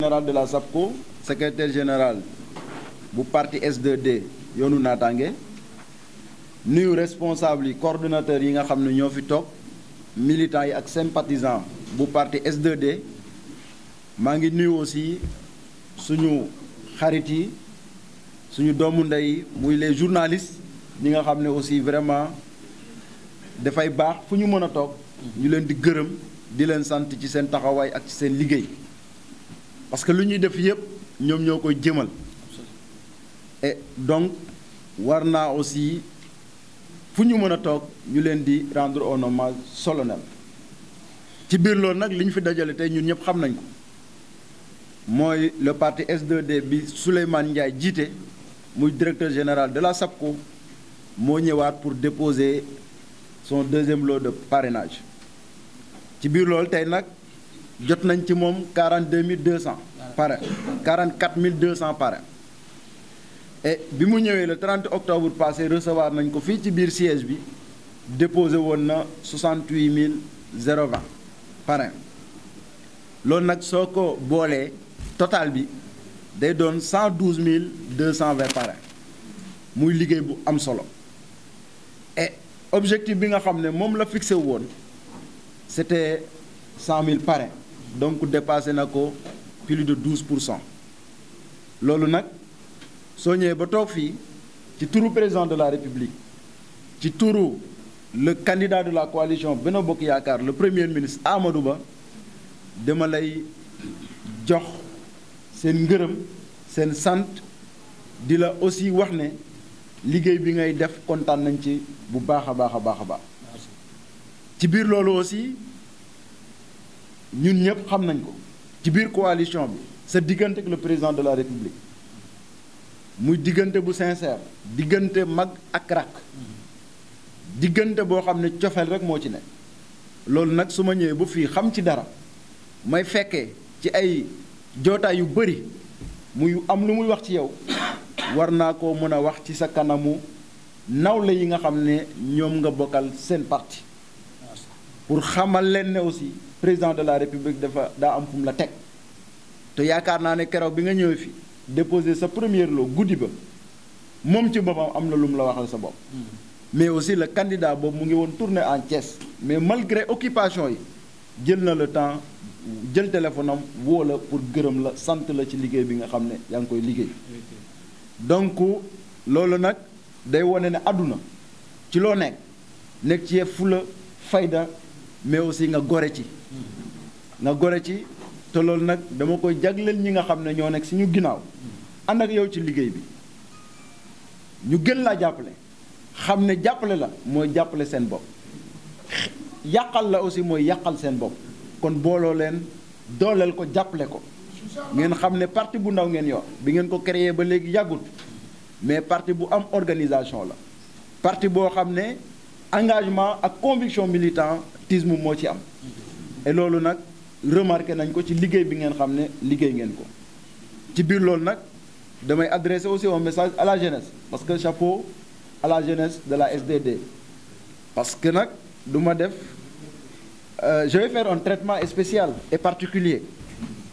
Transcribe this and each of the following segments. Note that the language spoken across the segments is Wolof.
général de la SAPCO secrétaire général bu parti s yoonu naataange nuyu responsable yi coordonnateur yi nga xam ne ñoo fi toog militants yi ak seen sympathisants bu parti s 2 maa ngi nuyu aussi suñu xarit yi suñu doomu ndey muy les journalistes ñi nga xam ne aussi vraiment dafay baax fuñu ñu tok ñu leen di gëreum di leen sant ci seen taxaway ak ci seen liggéey parce que luñuy def yépp ñom ñoo jëmal et donc warna aussi fuñu ñu tok ñu leen di rendre un hommage solennel ci biir loolu nag li fi dajale tay ñun ñëpp xam nañ ko moy le parti S2D bi Souleyman Ndiaye jité muy directeur général de la SAPCO mo ñëwaat pour déposer son deuxième lot de parrainage ci biir loolu tay nak jot ci mom 42 200 parrain 44 200 parrain et bi mu le 30 octobre passé recevoir nañ ko fi ci biir siège bi déposé na 68 020 parrain loolu nag soo bolé total bi day doon 112 220 parrain muy liggéey bu am solo et objectif bi nga xamné mom fixé c'était 100000 000 parrains donc dépassé nako plus de 12%. pour nak loolu nag ba tok président de la république ci le candidat de la coalition Benno Bokk le premier ministre Amadouba Ba dama lay jox sen ngeureum aussi wax liggéey bi ngay def kontaan nañ ci bu baax a baax a baax a baax ci biir loolu aussi ñun ñëpp xam nañ ko ci biir coalition bi sa diggante ak le président de la république muy diggante bu sincère diggante mag ak raq diggante boo xam ne cofeel rek moo ci ne loolu nag su ma ñëwee ba fii xam ci dara may fekkee ci ay jootaay yu bëri muy am lu muy wax ci yow war naa koo mën a wax ci sa kanamu nawle yi nga xam ne ñoom nga bokkal seen parti pour xamal leen ne aussi président de la république dafa daa am fu mu la teg te yaakaar naa ne keroog bi nga ñëwee fii déposer sa première loo guddi ba moom ci boppam am na lu mu la waxal sa bopp. mais aussi la candidat boobu mu ngi woon tourner en Thiès. mais malgré occupation yi jël na la temps jël téléphone am woo la pour gërëm la sant la ci liggéey bi nga xam ne yaa ngi koy liggéey. donc loolu nag day wane ne àdduna ci loo nekk nekk ci fula fayda mais aussi nga gore ci nga gore ci te loolu nag dama koy jagleel ñi nga xam ne ñoo nekk si ñu ginnaaw ànd ak yow ci liggéey bi ñu gën laa jàppale xam ne jàppale la mooy jàppale seen bopp yàqal la aussi mooy yàqal seen bopp kon booloo leen dooleel ko jàppale ko ngeen xam ne parti bu créer ba mais parti bu am organisation la parti boo engagement ak conviction militantisme moo ci am et loolu nag remarqué nañ ko ci liggéey bi ngeen ne adresser aussi un message à la jeunesse parce que chapeau à la jeunesse de la SDD parce que ma euh, je vais faire un traitement spécial et particulier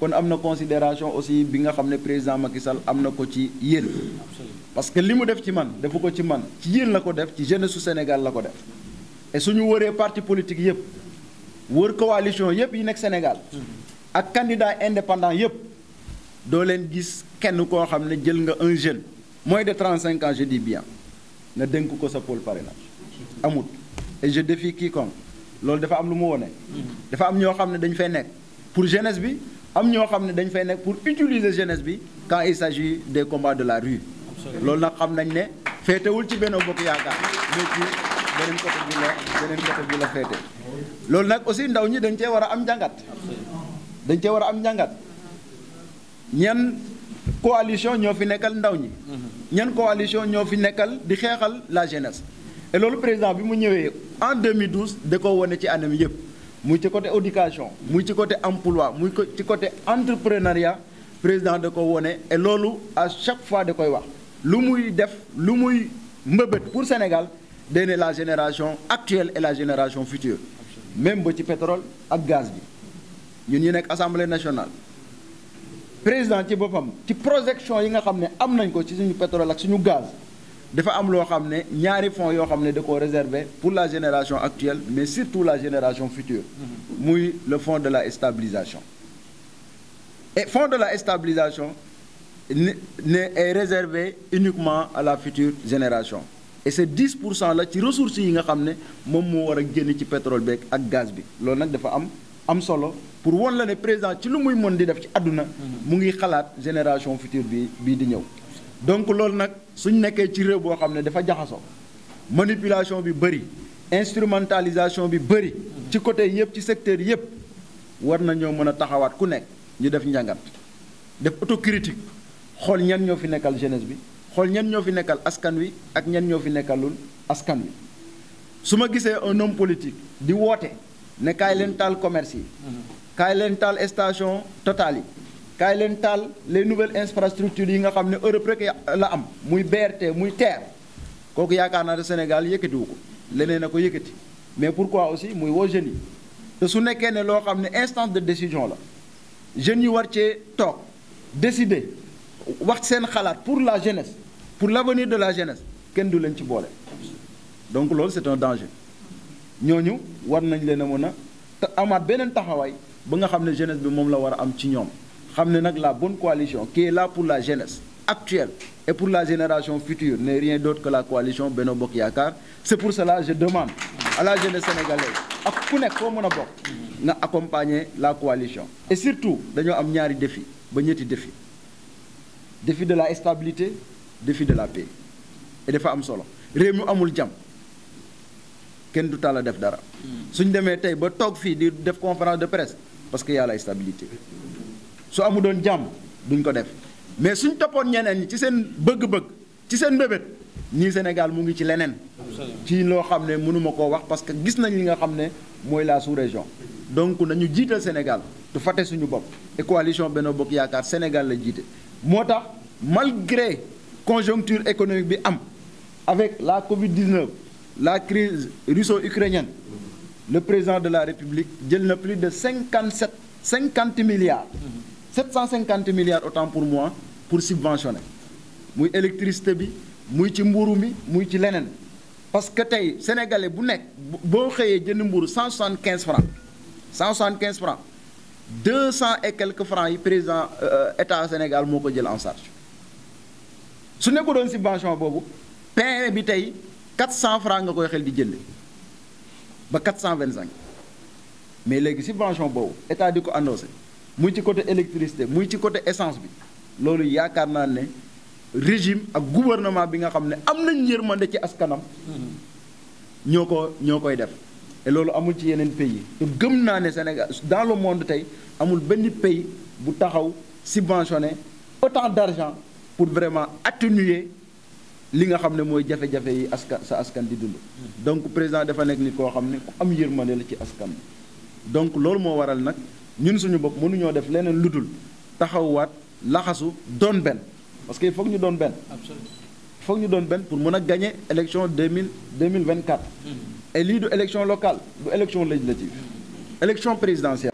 kon am na considération aussi bi nga xam ne président Macky Sall am na ko ci yéen parce que li mu def ci man defu ko ci man ci yéen la ko def ci jeunesse Sénégal la ko def et suñu wëree parti politique yëpp wër coalition yëpp yi nekk Sénégal ak candidat indépendant yëpp doo leen gis kenn koo xam ne jël nga un jeune moins de 35 ans je dis bien na dénk ko sa pôle parrainage amut et je défie quiconque loolu dafa am lu mu wone dafa am ñoo xam ne dañu fay nekk pour jeunesse bi am ñoo xam ne dañ fay nekk pour utiliser jeunesse bi quand il s'agit des combats de la rue loolu nag xam nañ ne féetewul ci Benno Bokk Yaakaar mais ci beneen côté bi la beneen côté bi la féete loolu nag aussi ndaw ñi dañ cee war a am njàngat dañ cee war a am njàngat ñan coalition ñoo fi nekkal ndaw ñi mm-hmm. ñan coalition ñoo fi nekkal di xeexal la jeunesse et loolu président bi mu ñëwee en 2012 da ko wane ci anam yépp muy ci côté éducation muy ci côté emploi muy ci côté entrepreneuriat président de ko woné et lolu à chaque fois da koy wax lu muy def lu muy pour Sénégal c'est la génération actuelle et la génération future même ba ci pétrole ak gaz bi ñun ñu assemblée nationale président ci il ci projection yi nga xamné ne am nañ ko ci suñu pétrole ak suñu gaz dafa am a xam ñaari fonds yoo xam ne réservé pour la génération actuelle mais surtout la génération future mm-hmm. muy le fonds de la stabilisation et fonds de la stabilisation est réservé uniquement à la future génération et ces 10 pour la ci ressources yi nga xam ne moom moo war pétrole beeg ak gaz bi loolu nag dafa am am solo pour won la ne président ci lu muy mën di def ci mm-hmm. génération future bi di donc loolu nag suñ nekkee ci réew boo xam ne dafa jaxasoo manipulation bi bëri instrumentalisation bi bëri ci côté yëpp ci secteur yëpp war nañoo mën a taxawaat ku nekk ñu def njàngat def autocritique xool ñan ñoo fi nekkal jeunesse bi xool ñan ñoo fi nekkal askan wi ak ñan ñoo fi nekkalul askan wi su ma gisee un homme politique di woote ne kaay leen taal commerce yi mhm. kaay leen taal station Total yi kaay les nouvelles infrastructures yi nga xam Europe rek la am muy BRT muy TER kooku yaakaar naa ne Sénégal yëkkatiwu ko leneen ko yëkkati mais pourquoi aussi muy woo jeunes yi te su nekkee ne loo instance de décision la jeunes yi war cee toog décider wax seen xalaat pour la jeunesse pour l'avenir de la jeunesse kenn du leen ci boole donc loolu c'est un danger ñooñu war nañ le a mën a amaat beneen taxawaay ba nga xam jeunesse bi moom la war a am ci nous la bonne coalition qui est là pour la jeunesse actuelle et pour la génération future n'est rien d'autre que la coalition Benno Bokk c'est pour cela que je demande à la jeunesse sénégalaise ak ku nekk foo accompagner la coalition et surtout nous avons ñaari défi ba ñetti défi de la stabilité défi de la paix et des am solo réew mi amul jàmm kenn du tàll def dara Si nous avons ba toog di def conférence de presse parce qu'il y a la stabilité su amu doon jàmm duñ ko def mais suñ toppoon ñeneen ci seen bëgg-bëgg ci seen mbébét ñii Sénégal mu ngi ci leneen ci loo xam ne mënuma koo wax parce que gis nañ li nga xam ne mooy la sous-région donc nañu jiital Sénégal du fàtte suñu bopp et coalition Benno Bokk Yaakaar Sénégal la jiite moo tax malgré conjoncture économique bi am avec la Covid-19 la crise russo-ukrainienne le président de la République jël na plus de 57 milliards cinquante milliards 750 milliards autant pour moi pour subventionner Pour électricité bi muy ci mburu mi muy parce que tay sénégalais bu nek bo 175 francs 175 francs 200 et quelques francs yi président euh, état Sénégal moko Si jël en charge su nekku don subvention bobu pain bi 400 francs nga koy xel di ba 425 mais léegi subvention l'État état diko annoncé muy ci côté électricité muy ci côté essence bi loolu yaakaar naa ne régime ak gouvernement bi nga xam ne am nañ yërmande ci askanam mm-hmm. ñoo ko ñoo koy def et loolu amul ci yeneen pays te gëm naa ne Sénégal dans le monde tey amul benn pays bu taxaw subventionné autant d'argent pour vraiment atténuer li nga xam ne mooy jafe-jafe yi askan sa askan di dund mm-hmm. donc président dafa nekk nit koo xam ne ku am yërmande la ci askan donc loolu moo waral nag sommes suñu bopp ñoo def leneen lu dul taxawaat laxasu doon benn parce que il faut que ñu doon il faut que ñu doon pour mën gagner élection 2024. 2024 de l'élection et locale du élection législative. Mm. élection présidentielle.